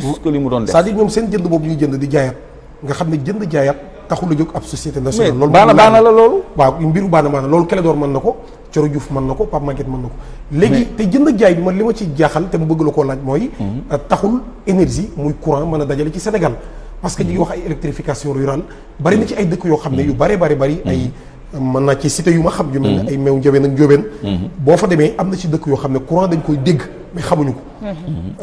plus que li mu doon ñoom seen jënd boobu ñuy jënd di jaayaat nga xam ne jënd jaayaat taxul a jóg ab société nationale. loolu baana baana la loolu. waaw mbiru baana baana loolu Clédor mën na ko Coro Diouf mën na ko Pape Maguette mën na ko. léegi te jënd jaay bi man li ma ci jaaxal te mu bëgg la koo laaj mooy. Mhm. Euh, taxul énergie muy courant mën a dajale ci Sénégal. parce que ñu ngi wax ay électrification rurale bari na ci ay dëkk yoo xam ne yu bare mhm. bari bari mhm. ay. mën naa ci cité yu ma xam. yu mel ne ay meew njóobeen ak boo fa demee am na ci dëkk yoo xam ne courant dañ koy dégg mais xamuñu ko.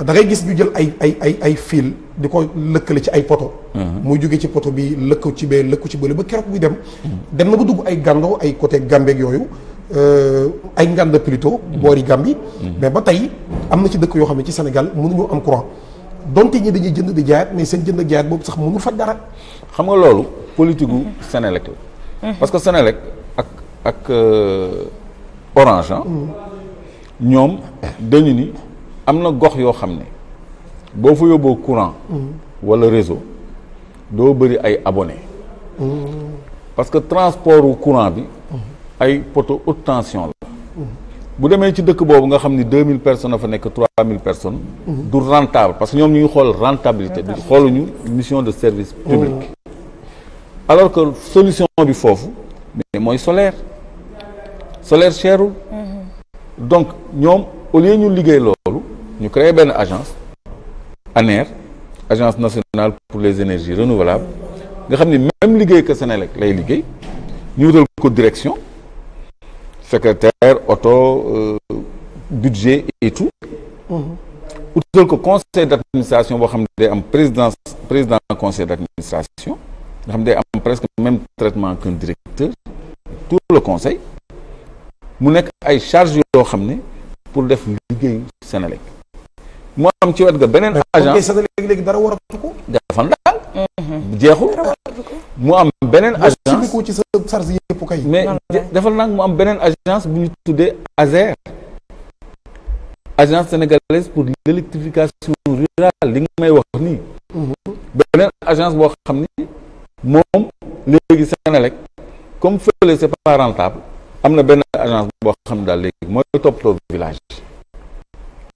da ngay gis ñu jël ay ay ay ay fil di ko lëkkale ci ay poto. Mhm. muy jóge ci poto bi lëkku ci lëkku ci bële ba keroog buy dem. Mhm. dem na ba dugg ay gàndo ay côté Gambeeg yooyu euh, ay ngànd plutôt. Mhm. boori Gambie. mais ba tey am na ci dëkk yoo xam ne ci Sénégal mënuñu am courant donte ñi dañuy jënd di jaayaat mais seen jënd jaayaat boobu sax mënul faj dara. xam nga loolu politique gu la. parce que Sénélec ak ak euh, Orange ñoom dañu ni am na gox yoo xam ne boo fa yóbboo courant wala réseau doo bëri ay abonné parce que transport courant bi ay poteau haute tension la bu demee ci dëkk boobu nga xam ni deux mille personnes a fa nekk trois mille personnes du rentable parce que ñoom ñu ngi xool rentabilité xoolu ñu mission de service public alors que solution bi foofu mais mooy solaire solaire cherul donc ñoom au lieu ñu liggéey loolu ñu créé benn agence ANER agence nationale pour les énergies renouvelables nga xam ni même liggéey que Senelec lay liggéey ñu wutal ko direction secrétaire auto euh, budget et tout mm-hmm. utal ko conseil d' boo xam ne day am présidence président conseil d' administration nga xam ne day am presque même traitement qu'un directeur tout le conseil mu nekk ay charge yoo xam ne pour def liggéeyu Senelec moo am ci wet ga beneen agent léegi dara waratu ko dafa ndaal mhm. jeexul mu am beneen agence ko ci sa charge yëpp kay mais defal nag mu am beneen agence bu ñu tuddee ASER agence sénégalaise pour l'électrification rurale li nga may wax nii mhm. beneen agence boo xam ni moom léegi Senelec comme fële c'est pas am na benn agence boo xam ne daal léegi mooy toppatoo village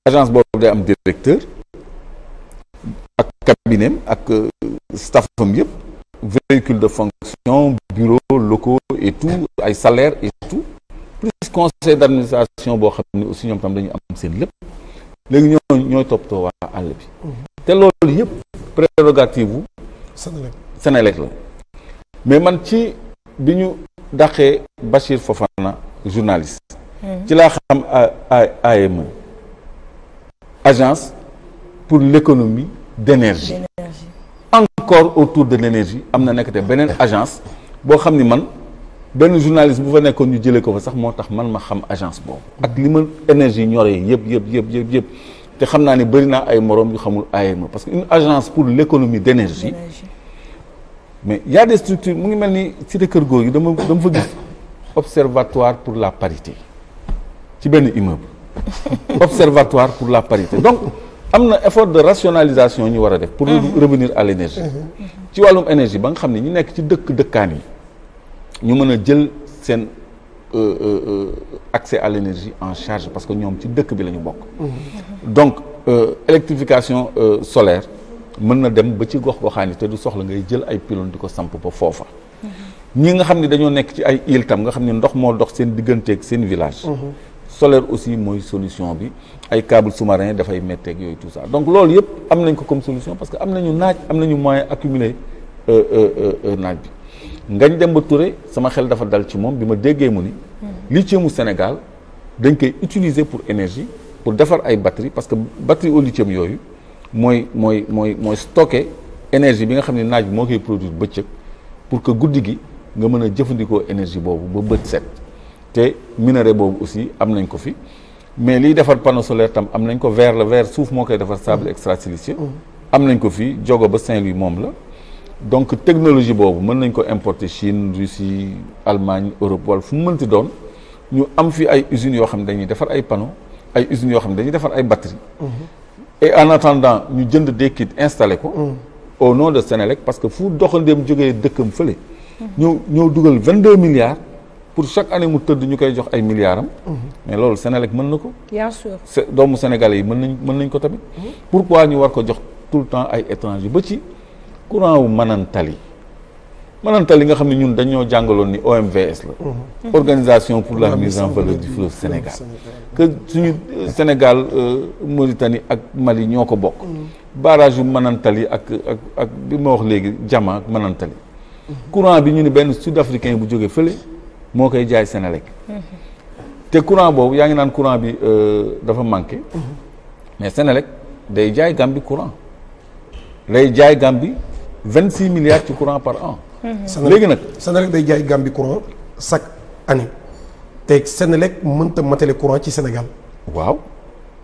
agence boobu day am directeur ak cabinet ak euh, staffam yëpp véhicule de fonction bureau locaux et tout ay salaire et tout plus conseil d'administration boo xam ne aussi ñoom tam dañu am seen lépp léegi ñoo ñooy toppatoo waa àll bi mm-hmm. te loolu yëpp prérogative wu la mais man ci bi ñu dàqee Bachir Fofana journaliste. Hmm. ci laa xam AME agence pour l'économie d'énergie. encore autour de l'énergie am na nekk te beneen agence boo xam ni man benn journaliste bu fa nekkoon ñu jëlee ko fa sax moo tax man ma xam agence boobu. ak li ma énergie ñoree yëpp yëpp yëpp yëpp yëpp te xam naa ni bari naa ay moroom yu xamul AME parce que une agence pour l'économie d'énergie. mais il y a mu ngi mel ni ci cité kër góor gi dama dama fa gis observatoire pour la parité ci benn immeuble observatoire pour la parité donc am na effort de rationalisation ñu war a def pour mhm. revenir à l'énergie mhm. ci wàllum énergie ba nga xam ne ñu nekk ci dëkk dëkkaan yi ñu mën a jël seen euh, euh, euh, accès à l'énergie en charge parce que ñoom ci dëkk bi la ñu bokk mhm. donc euh, électrification euh, solaire mën na dem ba ci gox-goxaan yi te du soxla ngay jël ay pylône di ko samp ba foofa ñi nga xam ne dañoo nekk ci ay île tam nga xam ne ndox moo dox seen digganteeg seen village mhm. solaire aussi mooy solution bi ay câble sous dafay metteek yooyu tout ça donc loolu yëpp am nañ ko comme solution parce que am nañu naaj am nañu moyen accumulé euh, euh, euh, naaj bi ngañ dem ba Touré sama xel dafa dal ci moom bi ma déggee mu ni mhm. lithium mu Sénégal dañ koy utiliser pour énergie pour defar ay batterie parce que batterie au lithium yooyu mooy mooy mooy mooy stocké énergie bi nga xam ne naaj bi moo koy produire bëccëg pour que guddi gi nga mën a jëfandikoo énergie boobu ba bët set te minerai boobu aussi am nañ ko fi mais lii defar panneau solaire tam am nañ ko verre la verre suuf moo koy defar sable extra-siliceux mm-hmm. am nañ ko fii jogo ba Saint-Louis moom la donc technologie boobu mën nañ ko importer Chine Russie Allemagne Europe wala fu mu mënti doon ñu am fi ay usines yoo xam ne dañuy defar ay panneaux ay usines yoo xam ne dañuy defar ay batteries mm-hmm. et en attendant ñu jënd des kits installé ko au nom de Sénélec parce que fu doxandeem jógee dëkkam fële ñëw ñëw dugal vingt deux milliards pour chaque année mu tëdd ñu koy jox ay milliards am mais loolu Sénélec mën na ko bien sûr doomu sénégalais yi mën nañ mën nañ ko tamit mm-hmm. pourquoi ñu war ko jox tout le temps ay étrangers ba ci courant wu Manantali Malantal li nga xam ne ñun dañoo jàngaloon ni OMVS la. Mhm. organisation pour la mise en valeur du fleuve Sénégal. que euh, euh, ak Mali ñoo ko bokk. Mhm. barrage yu ak ak ak bi ma wax léegi Jama ak Manantali. Mhm. courant bi ñu ne benn sud africain bu jógee fële moo koy jaay Sénélec. te courant boobu yaa ngi naan courant bi euh, dafa manqué. mais Sénélec day jaay Gambie courant. day jaay Gambie vingt six milliards ci courant par an. léegi nag Senelec day jaay Gambie courant chaque année te Senelec mënta matale courant ci Sénégal waaw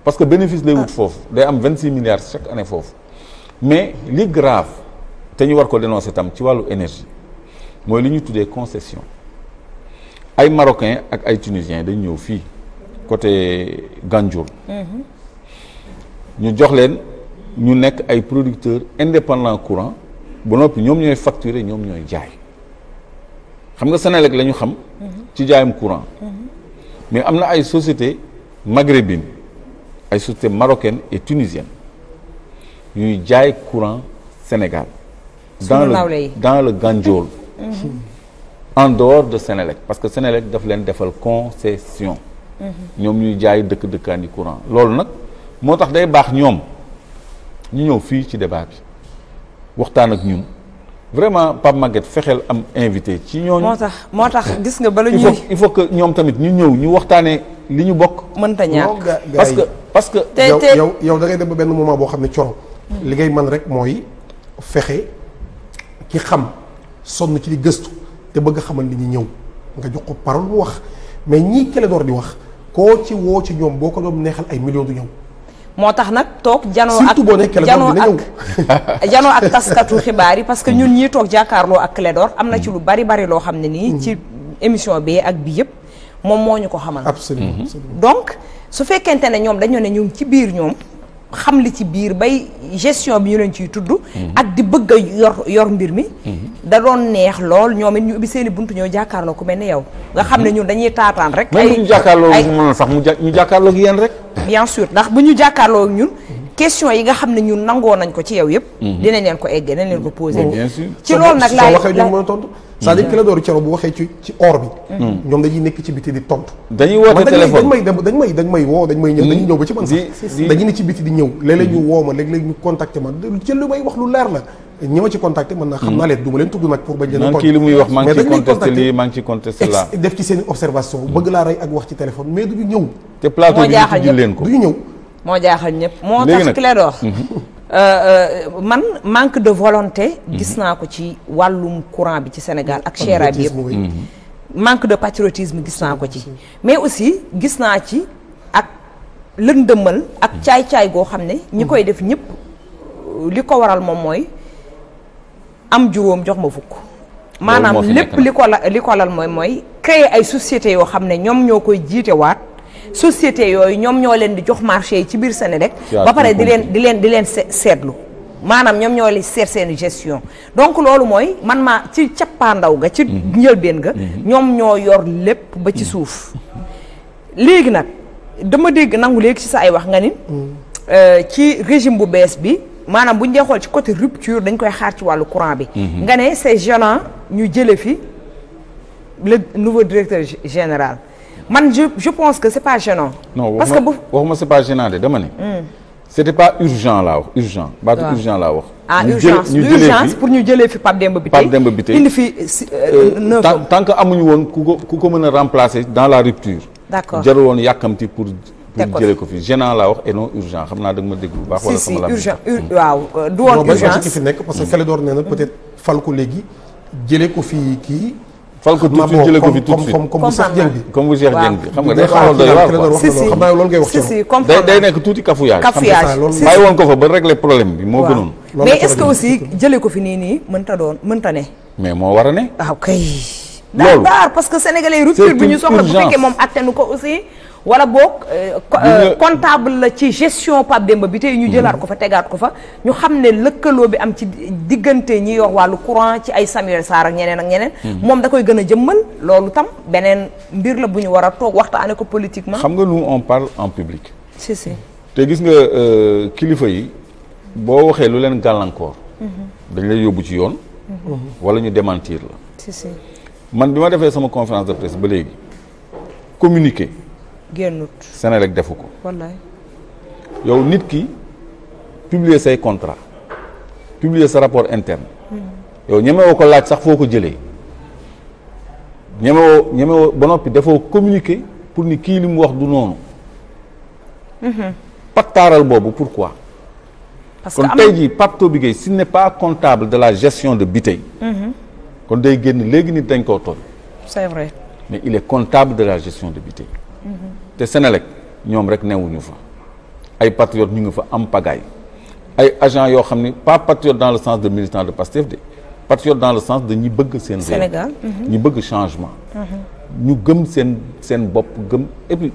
parce que bénéfice lay wut ah. foofu day am vingt six milliards chaque année foofu mais li grave te ñu war ko dénoncer tam ci wàllu énergie mooy li ñu tuddee concession ay marocains ak ay tunisiens dañ ñëw fii côté Ganjour mhm. ñu jox leen ñu nekk ay producteurs indépendants courant bu noppi ñoom ñooy facturer ñoom ñooy jaay xam nga Senelec lañu xam ci jaayam courant mais am na ay société maghrébine ay société marocaine et tunisienne ñuy jaay courant Sénégal dans le dans le Gandiol mhm. en dehors de Senelec parce que Senelec daf leen defal concession mhm. ñoom ñuy jaay dëkk dëkkaan yi courant loolu nag moo tax day baax ñoom ñu ñëw fii ci débat bi waxtaan ak ñun vraiment Pape Maguette fexeel am invité ci ñooñu. moo tax moo tax gis nga bala ñuy. il faut que ñoom tamit ñu ñëw ñu waxtaanee li ñu bokk. mënta ñàkk parce que parce que. tey yow yow da ngay dem ba benn moment boo xam ne coro. li ngay man rek mooy fexe ki xam sonn ci di gëstu te bëgg xamal li ñu ñëw nga jox ko parole mu wax mais ñii Clédor di wax koo ci woo ci ñoom boo ko doon neexal ay millions du ñëw. moo tax nag toog janoo ak janoo ak janoo ak taskatu xibaar yi parce que ñun mm. ñii toog jàkkaarloo ak Clédor am na ci mm. lu bari bari loo xam ne nii mm. ci émission bi ak bi yëpp moom moo ñu ko xamal absolument mm-hmm. donc su fekkente ne ñoom dañoo ne ñu ci biir ñoom xam li ci biir bay gestion bi ñu leen ciy tudd mm-hmm. ak di bëgg a yor yor mbir mi mm-hmm. da doon neex lool ñoom it ñu ubbi seen i bunt ñoo jàkkaarloo ku mel ni yow nga xam ne ñun dañuy taataan rek ay ñu jàkkaarloo sax mu ñu jàkkaarloo ak yéen rek bien sûr ndax bu ñu jàkkaarloo ak ñun question yi nga xam ne ñun nangoo nañ ko ci yow yëpp mhm. dinañ leen ko eggee dinañ leen ko posé ci loolu nag laay soo waxee ñu mën a tontu c'est-à-dire Clédor mhm. Ciré bu waxee ci ci bi mhm. ñoom dañuy nekk ci biti di tontu dañuy woote téléphone dañ may dañ may dañ dañ may ñëw dañuy ñëw ba ci man sax dañuy ne ci biti di ñëw léeg-léeg ñu ma léeg-léeg ñu contacté ma ci lu may wax lu leer la ñi ma ci contacté mën naa xam naa hmm. leen du ma leen tudd nag pour bañ leen kii li muy wax maa ngi ci contesté lii maa ngi ci contesté laa def ci seen observation bëgg laa rey ak wax ci téléphone mais du ñu ñëw te plateau bi ñu tudd leen ko du ñu ñëw moo jaaxal ñëpp moo tax Clédor mhm. euh, euh, man manque de volonté mhm. gis naa ko ci wàllum courant bi ci Sénégal ak chéra bi yëpp manque de patriotisme gis naa ko ci mais aussi gis naa ci ak lëndëmal ak mhm. caay-caay goo xam ne ñi koy def ñëpp li ko waral moom mooy am juróom jox ma fukk maanaam lépp li ko la li ko lal mooy mooy créer ay sociétés yoo xam ne ñoom ñoo koy jiitewaat société yooyu ñoom ñoo leen di jox marché yi ci biir Senelec ba pare di leen di leen di leen seetlu maanaam ñoom ñoo seet seeni gestion donc loolu mooy man maa ci cappaandaw ga ci mhm. njëlbeen ga mhm. ñoom ñoo yor lépp ba ci mhm. suuf léegi nag dama dégg nangu léegi ci sa ay wax nga ni euh, ci régime bu bees bi maanaam bu ñu dee xool ci côté rupture dañ koy xaar ci wàllu courant bi. Mhm. nga ne c'est gênant ñu jële fi le nouveau directeur général man je je pense que c'est pa gênant. no parce que bu waxuma c'est pas gênant de dama ne. Hmm. c'était pas urgent laa wax ba waaw baatu urgent laa wax. ah urgence urgence pour ñu jëlee fi Pape dem Bitèye Pape Demba Bitèye indi fi euh, euh, neuf tant que amuñu woon ku ko ku ko mën a remplacer dans la rupture. d'accord jarul woon yàkkamti pour. pour jëlee ko fi gênant laa wax et non urgent xam naa da ma dégg bu baax. sama la si nekk fal ko léegi jëlee ko fii kii. fal ko tout suite comme bu Cheikh Dieng bi. xam nga day nekk tuuti cafouillage. cafouillage si si ko fa ba régler problème bi moo gënoon. mais est-ce que aussi jëlee ko fi nii nii mënta doon mënta ne. mais moo war a ne. waaw kay. loolu parce que sénégalais rupture bi ñu soxla bu fekkee moom attanu ko aussi wala boog euh, euh, comptable la ci gestion Pape Demba bi tey ñu mm-hmm. jëlaat ko fa tegaat ko fa ñu xam ne lëkkaloo bi am ci diggante ñi yor wàllu courant ci ay Samuel Sarr ak ñeneen ak ñeneen mm-hmm. moom da koy gën a jëmmal loolu tam beneen mbir la bu ñu war a toog waxtaane ko politiquement xam nga nous on parle en public si te gis nga euh, kilifa yi boo waxee lu leen gàllankoor mm-hmm. dañ lay yóbbu ci yoon wala ñu démentir la si man bi ma defee sama conférence de presse ba léegi communiquer génnut Senelec defu ko. wallaay yow nit ki publier say contrat publier sa rapport interne. Hmm. yow ñemewoo ko laaj sax foo ko jëlee ñemewoo ñemewoo ba noppi dafoo communiquer pour ni kii li mu wax du noonu. Hmm. pattaaral boobu pourquoi. parce que kon tey jii Pape Toby Gueye s'il n'est pas comptable de la gestion de Biteye. Hmm. kon day génn léegi nit dañ koo toll. c'est mais il est comptable de la gestion de Biteye. te Sénélec ñoom rek newuñu fa ay patriotes ñu ngi fa am pagaille ay agents yoo xam ne pas patriote dans le sens de militant de Pastef de patriote dans le sens de ñi bëgg seen Sénégal mhm. ñi bëgg changement mhm. ñu gëm seen seen bopp gëm et puis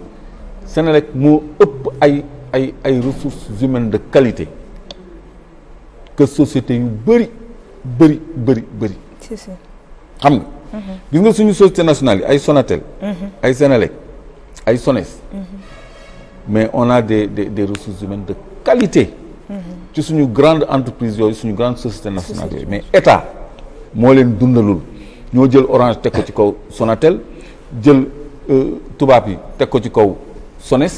moo ëpp ay ay ay ressources humaines de qualité que société yu bëri bëri bëri bëri. c'est xam nga. Mhm. gis nga suñu société nationale yi ay Sonatel. ay Sénélec. ay SONES mais on a des de des ressources humaines de qualité ci suñu grande entreprise yooyu suñu grande société nationale yooyu mais état moo leen dundalul ñoo jël orange teg ko ci kaw Sonatel jël euh, tubaab yi teg ko ci kaw SONES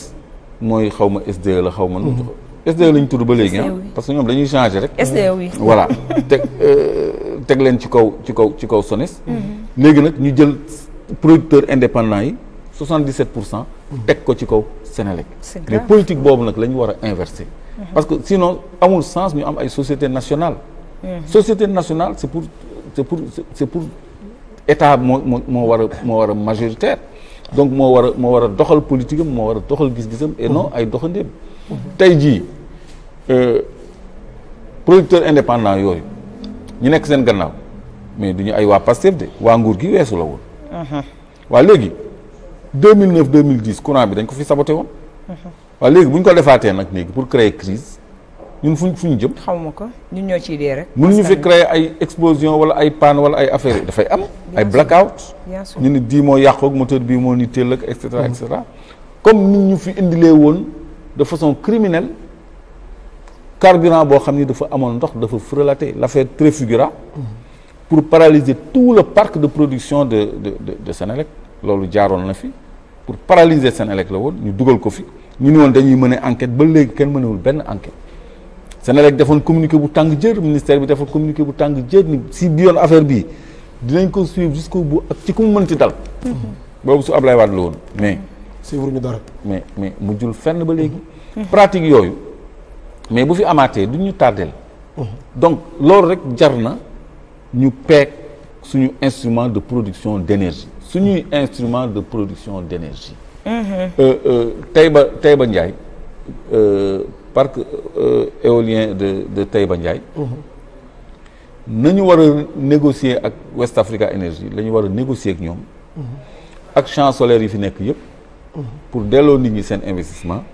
mooy xaw ma SDE la xaw ma nu mhm. SDE la ñu tudd ba léegi ah e, parce que ñoom dañuy changé rek SDE oui voilà teg euh, teg leen ci kaw ci kaw ci kaw SONES mhm. léegi nag ñu jël producteurs indépendants yi 77 pour cent teg ko ci kaw Sénélec mais politique boobu nag la ñu war a inverser parce que sinon amul sens ñu am ay société nationale mhm. société nationale c'est pour pour c'est pour état moo moo moo war moo war a majoritaire donc moo war a moo war doxal politique moo war a doxal gis-gisam et non ay doxandéem tey jii euh, producteur indépendant yooyu ñu nekk seen gannaaw mais du ñu ay waa Pastef de waa nguur gi weesu la woon mhm. waa léegi 2009 2010 courant bi dañ ko fi saboté woon. Mhm. waaw léegi bu ñu ko defaatee nag léegi pour créer crise ñun fuñ ñu jëm. xaw ma ko ñun ñoo ciy dee rek. mënuñu fi créer ay explosion wala ay panne wala ay affaire dafay am. ay blackout. ñu ne dii moo yàqoog moteur bi moo ni teel ak et cetera et mhm. cetera comme ñu fi indilee woon de façon criminelle carburant boo xam ni dafa amoon ndox dafa frelaté l'affaire Trafigura mhm. pour paralyser tout le parc de production de de de Senelec loolu jaaroon na fi. pour paralyser Sénélec la woon ñu dugal ko fi ñu ne woon dañuy mën a enquête ba léegi kenn mënewul benn enquête Sénélec defoon communiqué bu tàng jër ministère bi defoon communiqué bu tàng jër ni si bi yoon affaire bii dinañ ko suivre jusqu'au bout ak ci ku mu mën dal boobu su Ablaye Wade la woon mais ñu dara mais mu mujjul fenn ba léegi pratique yooyu mais bu fi amaatee duñ ñu tardeel donc loolu rek jar na ñu peeg suñu instrument de production d'énergie suñuy instrument de production d'énergie mm-hmm. euh, euh, Taïba Taïba Ndiaye euh, parc éolien de de Taïba Ndiaye mm-hmm. nañu war a négocier ak West Africa Energy la ñu war a négocier ak ñoom mm-hmm. ak champ solaire yi fi nekk yëpp pour delloo nit ñi seen investissement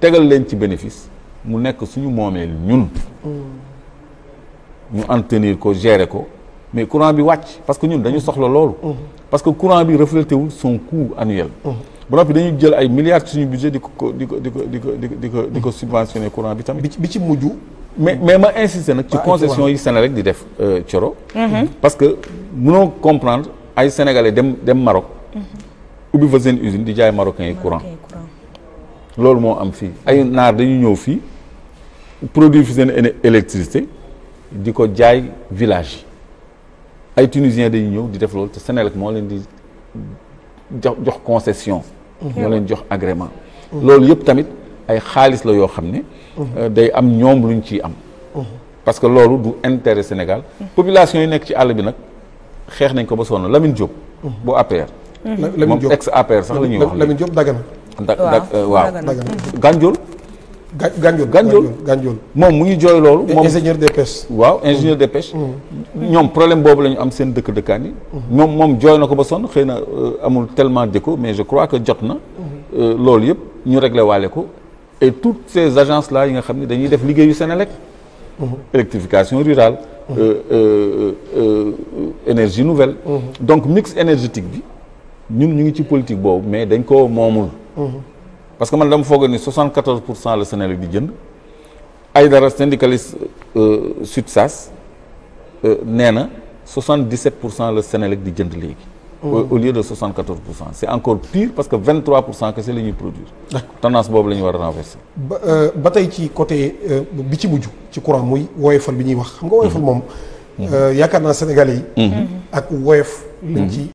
tegal leen ci bénéfice mu nekk suñu moomeel ñun ñu en tenir ko gérer ko mais courant bi wàcc parce que ñun dañu soxla loolu. Mmh. parce que courant bi reflété wul son coût annuel. Mmh. ba noppi dañuy jël ay milliards suñu budget di ko di ko di ko di ko di ko di ko subventionné courant bi tamit. bi ci bi ci mujj. mais mais ma insister nag. ci concession yi Sénélec di def euh, Thioro. Mmh. parce que mënoo comprendre ay sénégalais dem dem Maroc. ubbi fa seen usine di jaay marocain yi courant. loolu moo am fii ay naar dañu ñëw fii produire fi seen électricité di ko jaay village ay tunisiens dañuy ñëw di def loolu te Sénélec moo leen di jox jox concession mhm. moo leen jox agrément mhm. loolu yëpp tamit ay xaalis la yoo xam ne mhm. euh, day am ñoom luñ ciy am parce que loolu du intérêt Sénégal population yi nekk ci àll bi nag xeex nañ ko ba sonn lamin Diop bu APR moom ex APR sax la ñuy wax Lamine Diop Dagana da waaw euh, Gandiol Gandiol Gandiol Gandiol moom mu ngi jooy loolu. moom ingénieur des pêches. waaw mm-hmm. ingénieur des pêches. Mm-hmm. ñoom problème boobu la ñu am seen dëkk dëkkaan moom mm-hmm. moom jooy na ko ba sonn xëy na euh, amul tellement d'écho mais je crois que jot na. Euh, loolu yëpp ñu réglé waale ko et toutes ces agence là yi nga xam ne dañuy def liggéeyu Sénélec. électrification rurale. Euh, énergie nouvelle. donc mix énergétique bi ñu ñu ngi ci politique boobu mais dañ koo moomul. parce que man dama foogoon ni 74 pour cent la Sénégal di jënd Aydara syndicaliste euh, SUTSAS euh, nee na 77 pour cent la Sénégal di jënd léegi. Oh. au lieu de 74 pour cent c' encore pire parce que 23 pour cent kese la ñuy produire. tendance boobu la ñu war a renverser. ba euh, tey ci côté bi ci mujj ci courant muy woyofal bi ñuy wax. xam nga woyofal mm-hmm. moom. yaakaar naa sénégal yi. Mm-hmm. ak woyof. liñ mm-hmm. ci